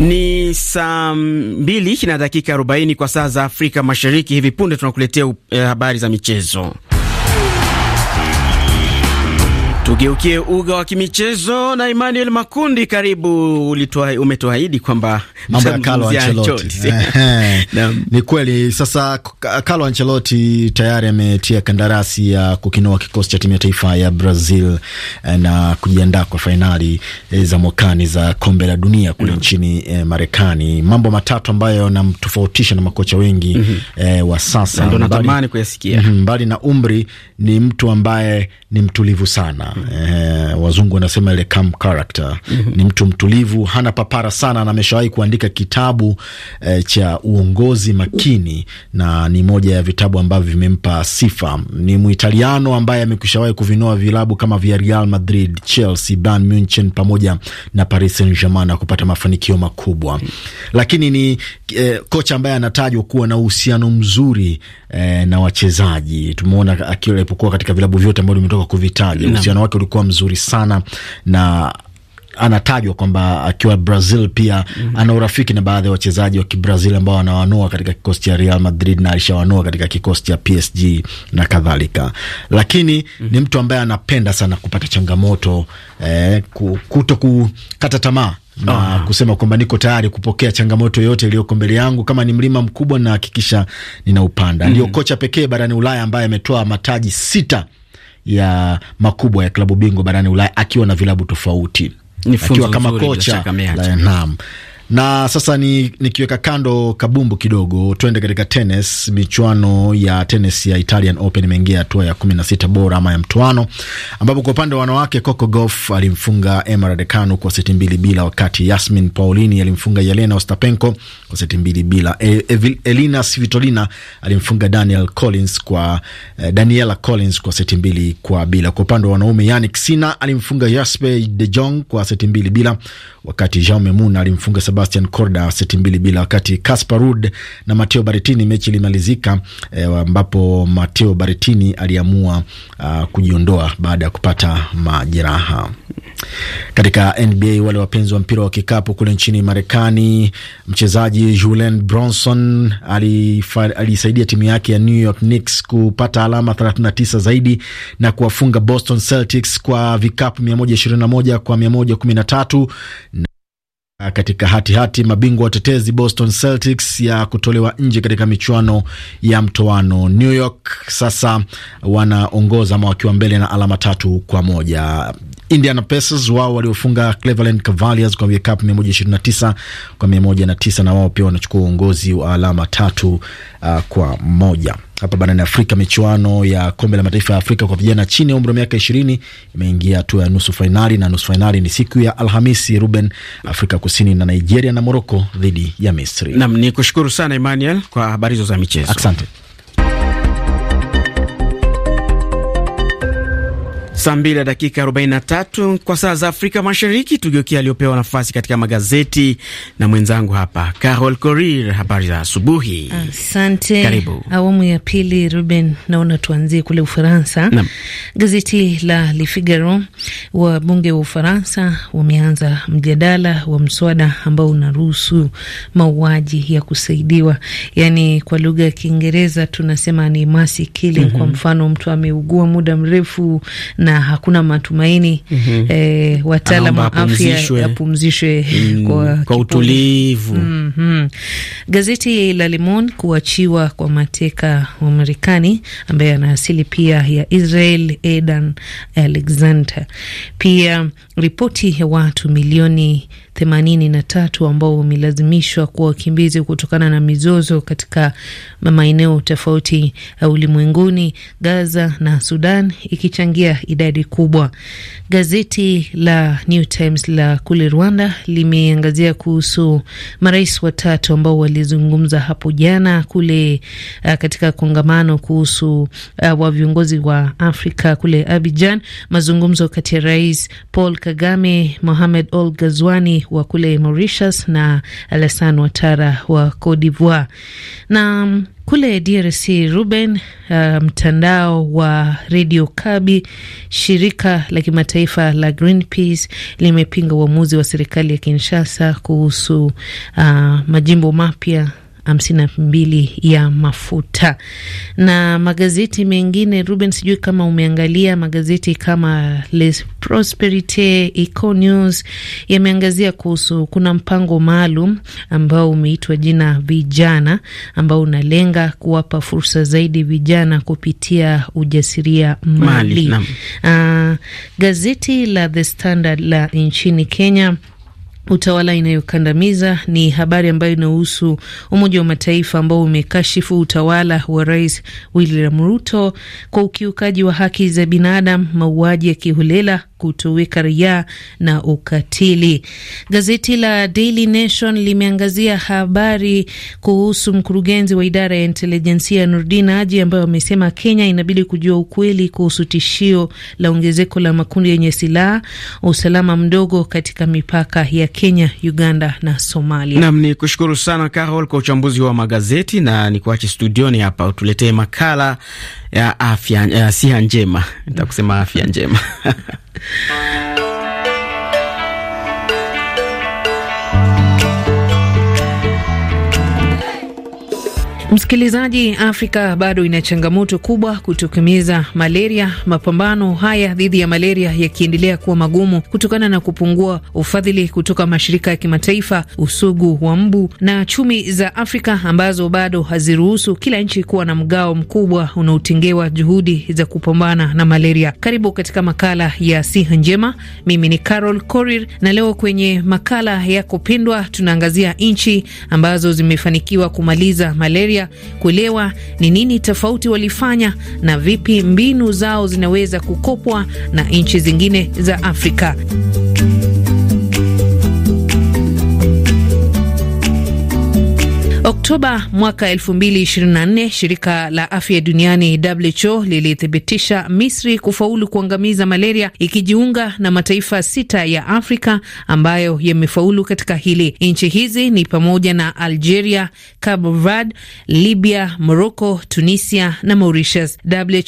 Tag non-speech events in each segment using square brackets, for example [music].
Ni saa mbili na dakika arobaini kwa saa za Afrika Mashariki. Hivi punde tunakuletea eh, habari za michezo. Tugeukie uga wa kimichezo na Emmanuel Makundi. Karibu, umetuahidi kwamba mambo ya [laughs] Carlo Ancelotti ni kweli? Sasa Carlo Ancelotti tayari ametia kandarasi ya kukinoa kikosi cha timu ya taifa ya Brazil eh, na kujiandaa kwa fainali eh, za mwakani za kombe la dunia kule mm -hmm. nchini eh, Marekani. Mambo matatu ambayo yanamtofautisha na makocha wengi mm -hmm. eh, wa sasa, ndio natamani kuyasikia. Mhm. Mbali na umri, ni mtu ambaye ni mtulivu sana mhm eh, wazungu wanasema ile calm character mm -hmm. Ni mtu mtulivu, hana papara sana, na ameshawahi kuandika kitabu eh, cha uongozi makini, na ni moja ya vitabu ambavyo vimempa sifa. Ni Muitaliano ambaye amekwishawahi kuvinoa vilabu kama vya Real Madrid, Chelsea, Bayern Munchen pamoja na Paris Saint Germain na kupata mafanikio makubwa mm -hmm. Lakini ni eh, kocha ambaye anatajwa kuwa na uhusiano mzuri eh, na wachezaji. Tumeona akiwa alipokuwa katika vilabu vyote ambavyo limetoka kuvitaja uhusiano wake ulikuwa mzuri sana na anatajwa kwamba akiwa Brazil pia mm -hmm. ana urafiki na baadhi ya wachezaji wa Kibrazil ambao anawanua katika kikosi cha Real Madrid na alishawanua katika kikosi cha PSG na kadhalika, lakini mm -hmm. ni mtu ambaye anapenda sana kupata changamoto eh, kuto kukata tamaa na oh, kusema kwamba niko tayari kupokea changamoto yoyote iliyoko mbele yangu. Kama ni mlima mkubwa, nahakikisha ninaupanda. mm -hmm. ndio kocha pekee barani Ulaya ambaye ametoa mataji sita ya makubwa ya klabu bingwa barani Ulaya akiwa na vilabu tofauti, akiwa kama kocha. Naam. Na sasa ni, nikiweka kando kabumbu kidogo, twende katika tenis. Michuano ya tenis ya Italian Open imeingia hatua ya kumi na sita bora ama ya mtoano, ambapo kwa upande wa wanawake Coco Gauff alimfunga Emma Raducanu kwa seti mbili bila, wakati Yasmin Paolini alimfunga Yelena Ostapenko kwa seti mbili bila. E, e, Elina Svitolina alimfunga Daniel Collins kwa, eh, Daniela Collins kwa seti mbili kwa bila. Kwa upande wa wanaume Yannick Sinner alimfunga Jasper De Jong kwa seti mbili bila wakati Jean Memun alimfunga Sebastian Corda seti mbili bila, wakati Caspar Rud na mateo Baretini mechi ilimalizika eh, ambapo mateo Baretini aliamua uh, kujiondoa baada ya kupata majeraha. Katika NBA wale wapenzi wa mpira wa kikapu kule nchini Marekani, mchezaji Julen Bronson aliisaidia timu yake ya New York Knicks kupata alama 39 zaidi na kuwafunga Boston Celtics kwa vikapu 121 kwa 113 katika hatihati hati, mabingwa watetezi Boston Celtics ya kutolewa nje katika michuano ya mtoano. New York sasa wanaongoza ama wakiwa mbele na alama tatu kwa moja. Indiana Pacers wao waliofunga Cleveland Cavaliers kwa vikapu 129 kwa 109, na wao pia wanachukua uongozi wa alama tatu uh, kwa moja. Hapa barani Afrika, michuano ya kombe la mataifa ya Afrika kwa vijana chini ya umri wa miaka ishirini imeingia hatua ya nusu fainali, na nusu fainali ni siku ya Alhamisi Ruben, Afrika Kusini na Nigeria na Moroko dhidi ya Misri. Nam ni kushukuru sana Emmanuel kwa habari hizo za michezo, asante. Saa mbili na dakika 43 kwa saa za Afrika Mashariki, tugeukia aliyopewa nafasi katika magazeti na mwenzangu hapa Carol Korir. Habari za asubuhi. Asante. Karibu awamu ya pili, Ruben. Naona tuanzie kule Ufaransa. Gazeti la Le Figaro, wabunge wa Ufaransa wameanza mjadala wa mswada ambao unaruhusu mauaji ya kusaidiwa, yani kwa lugha ya Kiingereza tunasema ni mercy killing. Mm -hmm. Kwa mhm. mfano mtu ameugua muda mrefu na na hakuna matumaini mm -hmm. E, eh, wataalam wa afya yapumzishwe mm, [laughs] kwa, kwa utulivu mm -hmm. Gazeti la limon kuachiwa kwa mateka wa Marekani ambaye ana asili pia ya Israel Edan Alexander, pia ripoti ya watu milioni themanini na tatu ambao wamelazimishwa kuwa wakimbizi kutokana na mizozo katika maeneo tofauti ya uh, ulimwenguni, Gaza na Sudan ikichangia idadi kubwa. Gazeti la New Times la kule Rwanda limeangazia kuhusu marais watatu ambao walizungumza hapo jana kule uh, katika kongamano kuhusu uh, wa viongozi wa Afrika kule Abidjan, mazungumzo kati ya Rais Paul Kagame, Mohamed Ould Ghazwani wa kule Mauritius na Alassane Ouattara wa Cote d'Ivoire. Na mm, kule DRC Ruben, uh, mtandao wa redio Kabi, shirika la kimataifa la Greenpeace limepinga uamuzi wa serikali ya Kinshasa kuhusu uh, majimbo mapya hamsini na mbili ya mafuta. Na magazeti mengine, Ruben, sijui kama umeangalia magazeti kama Les Prosperite, Eco News yameangazia kuhusu, kuna mpango maalum ambao umeitwa jina vijana, ambao unalenga kuwapa fursa zaidi vijana kupitia ujasiria mali. Mali, uh, gazeti la The Standard la nchini Kenya utawala inayokandamiza ni habari ambayo inahusu Umoja wa Mataifa ambao umekashifu utawala wa Rais William Ruto kwa ukiukaji wa haki za binadamu, mauaji ya kiholela kutoweka raia na ukatili. Gazeti la Daily Nation limeangazia habari kuhusu mkurugenzi wa idara ya intelijensia Nurdin Haji ambayo amesema Kenya inabidi kujua ukweli kuhusu tishio la ongezeko la makundi yenye silaha, usalama mdogo katika mipaka ya Kenya, Uganda na Somalia. Nam ni kushukuru sana Carol kwa uchambuzi wa magazeti na ni kuache studioni hapa utuletee makala ya afya ya siha njema, nitakusema afya njema [laughs] Msikilizaji, Afrika bado ina changamoto kubwa kutokomeza malaria, mapambano haya dhidi ya malaria yakiendelea kuwa magumu kutokana na kupungua ufadhili kutoka mashirika ya kimataifa, usugu wa mbu na chumi za Afrika ambazo bado haziruhusu kila nchi kuwa na mgao mkubwa unaotengewa juhudi za kupambana na malaria. Karibu katika makala ya Siha Njema. Mimi ni Carol Korir, na leo kwenye makala yako pendwa tunaangazia nchi ambazo zimefanikiwa kumaliza malaria pamoja kuelewa ni nini tofauti walifanya na vipi mbinu zao zinaweza kukopwa na nchi zingine za Afrika. Oktoba mwaka 2024 shirika la afya duniani WHO lilithibitisha Misri kufaulu kuangamiza malaria ikijiunga na mataifa sita ya Afrika ambayo yamefaulu katika hili. Nchi hizi ni pamoja na Algeria, Cabo Verde, Libya, Morocco, Tunisia na Mauritius.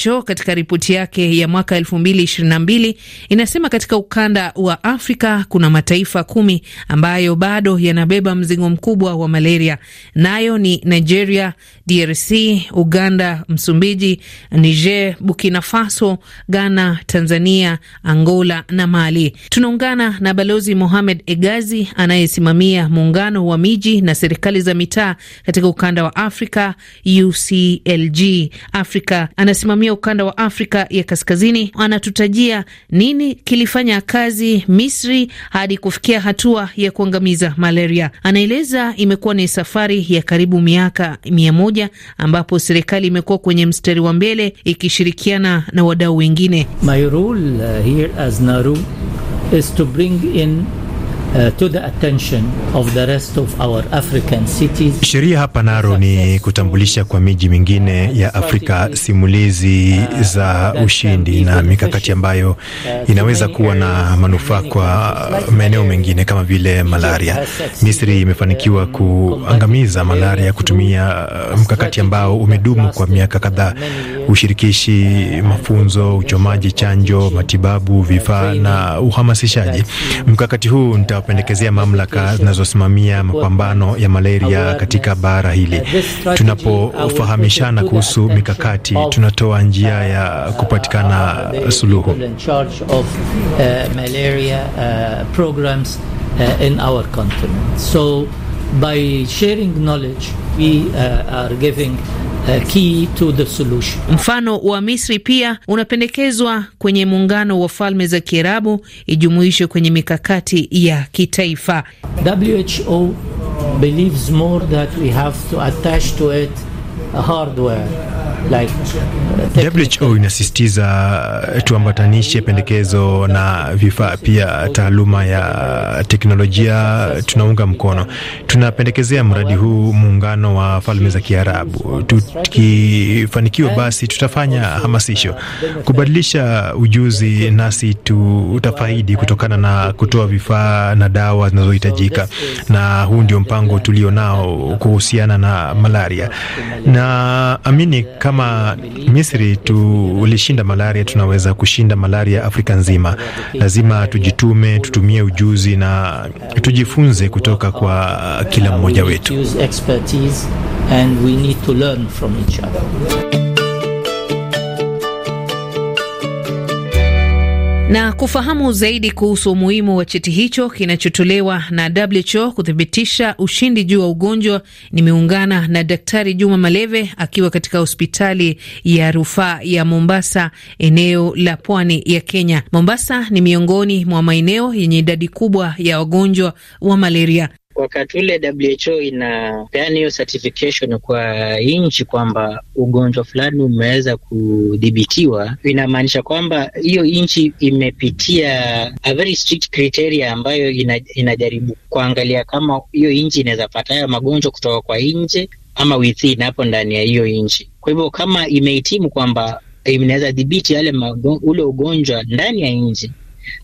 WHO katika ripoti yake ya mwaka 2022 inasema katika ukanda wa Afrika kuna mataifa kumi ambayo bado yanabeba mzigo mkubwa wa malaria na nayo ni Nigeria, DRC, Uganda, Msumbiji, Niger, Burkina Faso, Ghana, Tanzania, Angola na Mali. Tunaungana na Balozi Mohamed Egazi anayesimamia muungano wa miji na serikali za mitaa katika ukanda wa Afrika, UCLG Africa. Anasimamia ukanda wa Afrika ya Kaskazini, anatutajia nini kilifanya kazi Misri hadi kufikia hatua ya kuangamiza malaria. Anaeleza imekuwa ni safari ya karibu miaka mia moja ambapo serikali imekuwa kwenye mstari wa mbele ikishirikiana na wadau wengine. My role uh, here as is to bring in Uh, Sheria hapa naro ni kutambulisha kwa miji mingine ya Afrika uh, simulizi za ushindi na mikakati ambayo uh, inaweza kuwa na manufaa kwa maeneo mengine kama vile malaria. Misri imefanikiwa um, kuangamiza malaria kutumia mkakati ambao umedumu kwa miaka kadhaa, ushirikishi mafunzo, uchomaji chanjo, matibabu, vifaa na uhamasishaji. Mkakati huu nita kupendekezea mamlaka zinazosimamia mapambano ya malaria katika bara hili. Tunapofahamishana kuhusu mikakati, tunatoa njia ya kupatikana suluhu uh, key to the solution. Mfano wa Misri pia unapendekezwa kwenye muungano wa falme za Kiarabu ijumuishwe kwenye mikakati ya kitaifa. WHO believes more that we have to attach to it hardware like, uh, WHO inasisitiza uh, tuambatanishe pendekezo na vifaa pia taaluma ya teknolojia, tunaunga mkono. Tunapendekezea mradi huu muungano wa falme za Kiarabu. Tukifanikiwa basi tutafanya hamasisho uh, kubadilisha ujuzi, nasi tutafaidi kutokana na kutoa vifaa na dawa zinazohitajika, na huu ndio mpango tulio nao kuhusiana na malaria na amini kama kama Misri tulishinda malaria, tunaweza kushinda malaria Afrika nzima. Lazima tujitume, tutumie ujuzi na tujifunze kutoka kwa kila mmoja wetu. Na kufahamu zaidi kuhusu umuhimu wa cheti hicho kinachotolewa na WHO kuthibitisha ushindi juu wa ugonjwa, nimeungana na Daktari Juma Maleve akiwa katika hospitali ya rufaa ya Mombasa, eneo la pwani ya Kenya. Mombasa ni miongoni mwa maeneo yenye idadi kubwa ya wagonjwa wa malaria wakati ule WHO inapeana hiyo certification kwa nchi kwamba ugonjwa fulani umeweza kudhibitiwa, inamaanisha kwamba hiyo nchi imepitia a very strict criteria ambayo ina, inajaribu kuangalia kama hiyo nchi inaweza pata hayo magonjwa kutoka kwa nje ama within hapo ndani ya hiyo nchi. Kwa hivyo kama imehitimu kwamba inaweza dhibiti yale ule ugonjwa ndani ya nchi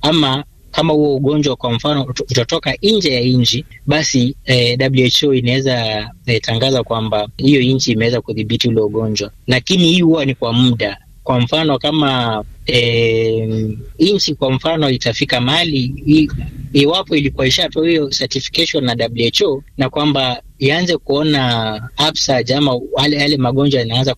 ama kama huo ugonjwa kwa mfano utatoka nje ya nchi, basi eh, WHO inaweza eh, tangaza kwamba hiyo nchi imeweza kudhibiti ule ugonjwa, lakini hii huwa ni kwa muda. Kwa mfano kama eh, nchi kwa mfano itafika mahali iwapo ilikuwa ishatoa hiyo certification na WHO na kwamba ianze kuona upsurge ama yale magonjwa yanaanza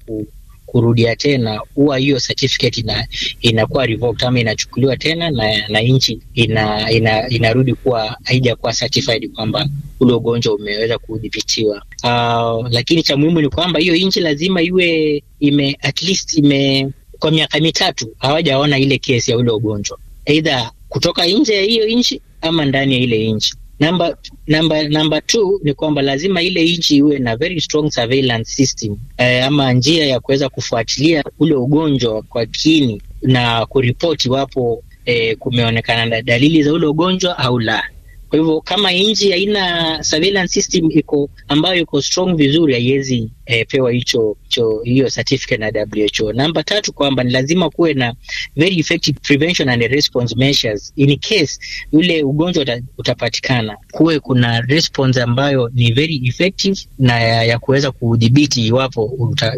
kurudia tena, huwa hiyo certificate ina inakuwa revoked ama inachukuliwa tena na, na nchi ina, ina, inarudi kuwa haijakuwa certified kwamba ule ugonjwa umeweza kudhibitiwa. Uh, lakini cha muhimu ni kwamba hiyo nchi lazima iwe ime at least ime kwa miaka mitatu hawajaona ile kesi ya ule ugonjwa, aidha kutoka nje ya hiyo nchi ama ndani ya ile nchi. Namba, namba, namba two ni kwamba lazima ile nchi iwe na very strong surveillance system eh, ama njia ya kuweza kufuatilia ule ugonjwa kwa kini na kuripoti iwapo eh, kumeonekana na dalili za ule ugonjwa au la. Kwa hivyo kama nchi haina surveillance system iko ambayo iko strong vizuri, haiwezi eh, pewa hicho hiyo certificate na WHO. Namba tatu kwamba ni lazima kuwe na very effective prevention and response measures in case yule ugonjwa utapatikana, kuwe kuna response ambayo ni very effective na ya, ya kuweza kudhibiti iwapo uta,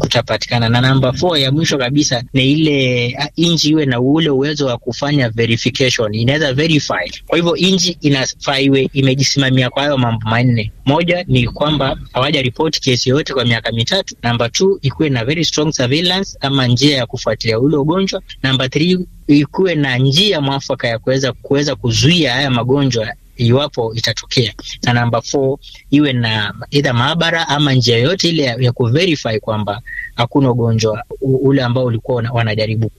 utapatikana. Na namba four ya mwisho kabisa ni ile ah, nchi iwe na ule uwezo wa kufanya verification, inaweza verify. Kwa hivyo nchi inafaa iwe imejisimamia kwa hayo mambo manne. Moja ni kwamba hawaja ripoti kesi yoyote kwa miaka mitatu. Namba two ikuwe na very strong surveillance ama njia ya kufuatilia ule ugonjwa. Namba three ikuwe na njia mwafaka ya kuweza kuweza kuzuia haya magonjwa iwapo itatokea, na namba four iwe na idha maabara ama njia yoyote ile ya, ya kuverify kwamba hakuna ugonjwa ule ambao ulikuwa wanajaribu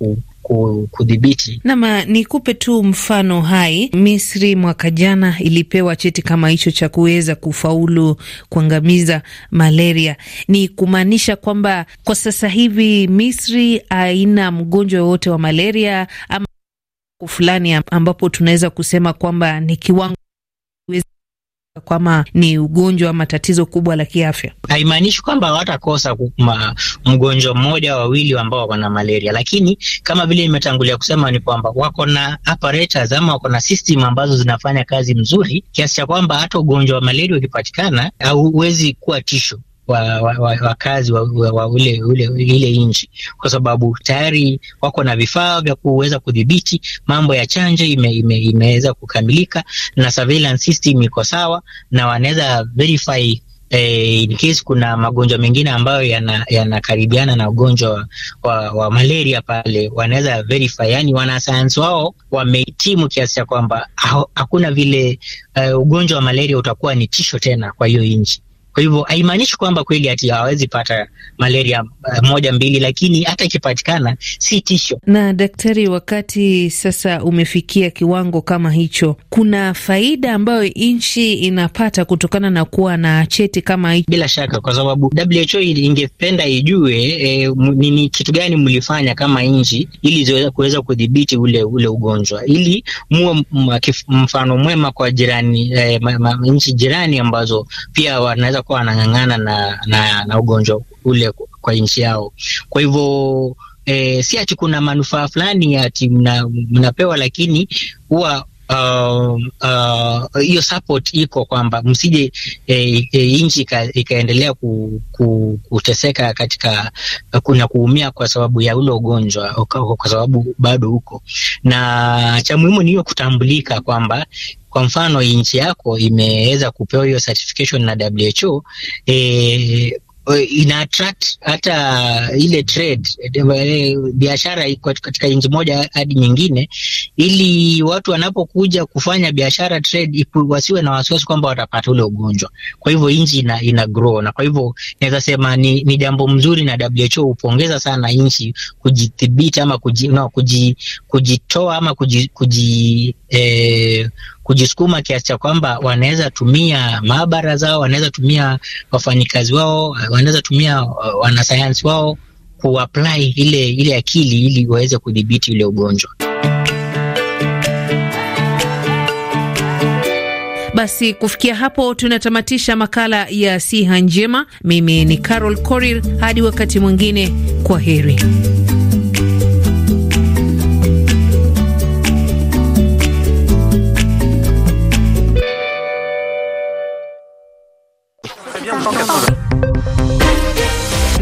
kudhibiti. Nama nikupe tu mfano hai, Misri mwaka jana ilipewa cheti kama hicho cha kuweza kufaulu kuangamiza malaria. Ni kumaanisha kwamba kwa sasa hivi Misri haina mgonjwa wowote wa malaria ama fulani ambapo tunaweza kusema kwamba ni kiwango kwama ni ugonjwa ama tatizo kubwa la kiafya. Haimaanishi kwamba watakosa mgonjwa mmoja wawili ambao wako na malaria, lakini kama vile nimetangulia kusema ni kwamba wako na apparatus ama wako na system ambazo zinafanya kazi mzuri kiasi cha kwamba hata ugonjwa wa malaria ukipatikana hauwezi kuwa tisho wakazi wa, wa, wa, wa ule, ule, ile nchi, kwa sababu tayari wako na vifaa vya kuweza kudhibiti mambo ya chanjo ime, ime, imeweza kukamilika na surveillance system iko sawa na wanaweza verify Eh, in case kuna magonjwa mengine ambayo yanakaribiana yana na ugonjwa wa, wa malaria pale, wanaweza verify, yani wanasayansi wao wamehitimu kiasi cha kwamba hakuna vile, uh, ugonjwa wa malaria utakuwa ni tisho tena kwa hiyo nchi. Kwa hivyo haimaanishi kwamba kweli ati hawawezi pata malaria uh, moja mbili, lakini hata ikipatikana si tisho. Na daktari, wakati sasa umefikia kiwango kama hicho, kuna faida ambayo nchi inapata kutokana na kuwa na cheti kama hicho? Bila shaka, kwa sababu WHO ingependa ijue e, ni kitu gani mlifanya kama nchi ili kuweza kudhibiti ule ule ugonjwa, ili muwe mfano mwema kwa jirani e, nchi jirani ambazo pia wanaweza wanaweza kuwa wanang'ang'ana na, na, na ugonjwa ule kwa nchi yao. Kwa hivyo e, si ati kuna manufaa fulani ati mna, mnapewa, lakini huwa um, uh, hiyo uh, uh, support iko kwamba msije eh, eh, nchi ikaendelea ku, ku, kuteseka katika kuna kuumia kwa sababu ya ule ugonjwa, kwa sababu bado huko, na cha muhimu ni hiyo kutambulika kwamba kwa mfano nchi yako imeweza kupewa hiyo certification na WHO e, e, ina attract hata ile trade e, biashara katika nchi moja hadi nyingine, ili watu wanapokuja kufanya biashara trade wasiwe na wasiwasi kwamba watapata ule ugonjwa. Kwa hivyo nchi ina, ina grow na kwa hivyo naweza sema ni, ni jambo mzuri, na WHO hupongeza sana nchi kujidhibiti ama kuji, no, kuji, kujitoa ama kuji, kuji eh, kujisukuma kiasi cha kwamba wanaweza tumia maabara zao, wanaweza tumia wafanyikazi wao, wanaweza tumia uh, wanasayansi wao kuapply ile, ile akili ili waweze kudhibiti ule ugonjwa. Basi kufikia hapo tunatamatisha makala ya siha njema. Mimi ni Carol Korir, hadi wakati mwingine, kwa heri.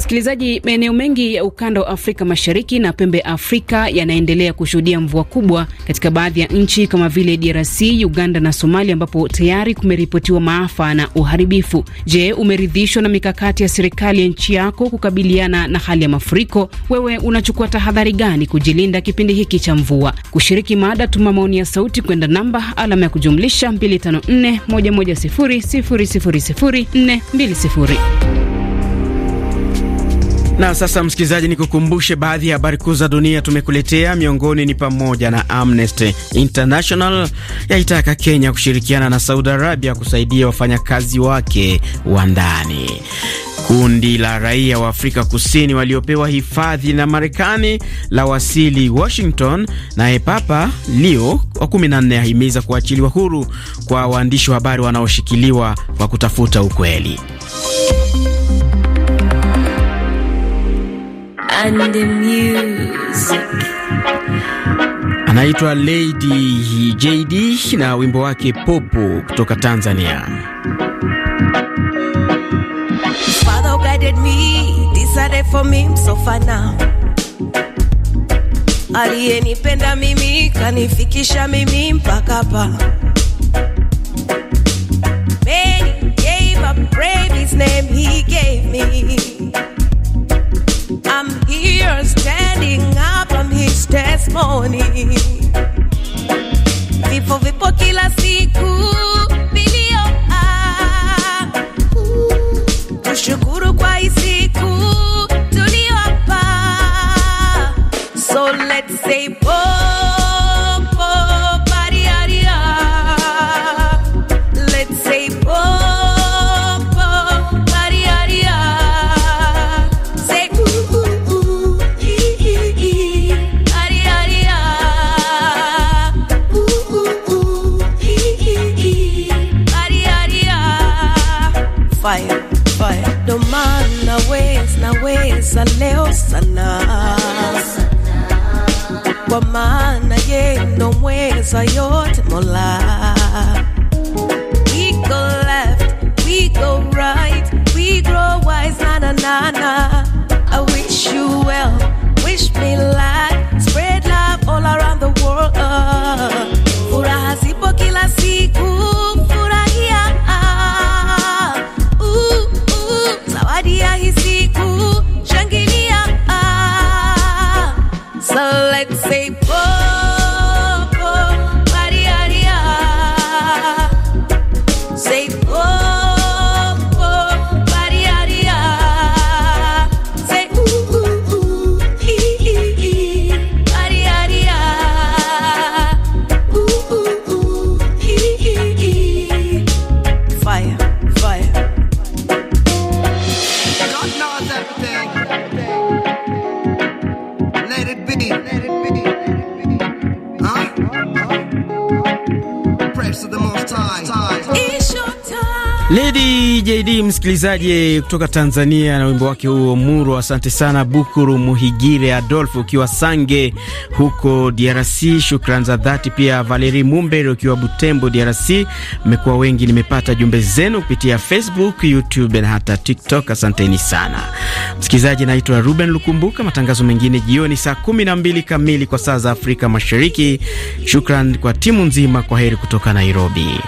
Msikilizaji, maeneo mengi ya ukanda wa Afrika Mashariki na pembe Afrika yanaendelea kushuhudia mvua kubwa katika baadhi ya nchi kama vile DRC, Uganda na Somalia, ambapo tayari kumeripotiwa maafa na uharibifu. Je, umeridhishwa na mikakati ya serikali ya nchi yako kukabiliana na hali ya mafuriko? Wewe unachukua tahadhari gani kujilinda kipindi hiki cha mvua? Kushiriki mada, tuma maoni ya sauti kwenda namba alama ya kujumlisha 254 110 000 420. Na sasa msikilizaji, ni kukumbushe baadhi ya habari kuu za dunia tumekuletea. Miongoni ni pamoja na Amnesty International yaitaka Kenya kushirikiana na Saudi Arabia kusaidia wafanyakazi wake wa ndani. Kundi la raia wa Afrika Kusini waliopewa hifadhi na Marekani la wasili Washington, naye Papa Leo wa 14 ahimiza kuachiliwa huru kwa waandishi wa habari wanaoshikiliwa kwa kutafuta ukweli. and the music. Anaitwa Lady JD na wimbo wake Popo kutoka Tanzania. Aliyenipenda mimi kanifikisha mimi mpaka hapa me. falló. Lady JD msikilizaji kutoka Tanzania na wimbo wake huo Muro. Asante sana Bukuru Muhigire Adolfo ukiwa Sange huko DRC, Shukran za dhati pia Valeri Mumbere ukiwa Butembo DRC. Mmekuwa wengi, nimepata jumbe zenu kupitia Facebook, YouTube na hata TikTok. Asanteni sana msikilizaji. Naitwa Ruben Lukumbuka. Matangazo mengine jioni saa 12 kamili kwa saa za Afrika Mashariki. Shukran kwa timu nzima. Kwa heri kutoka Nairobi.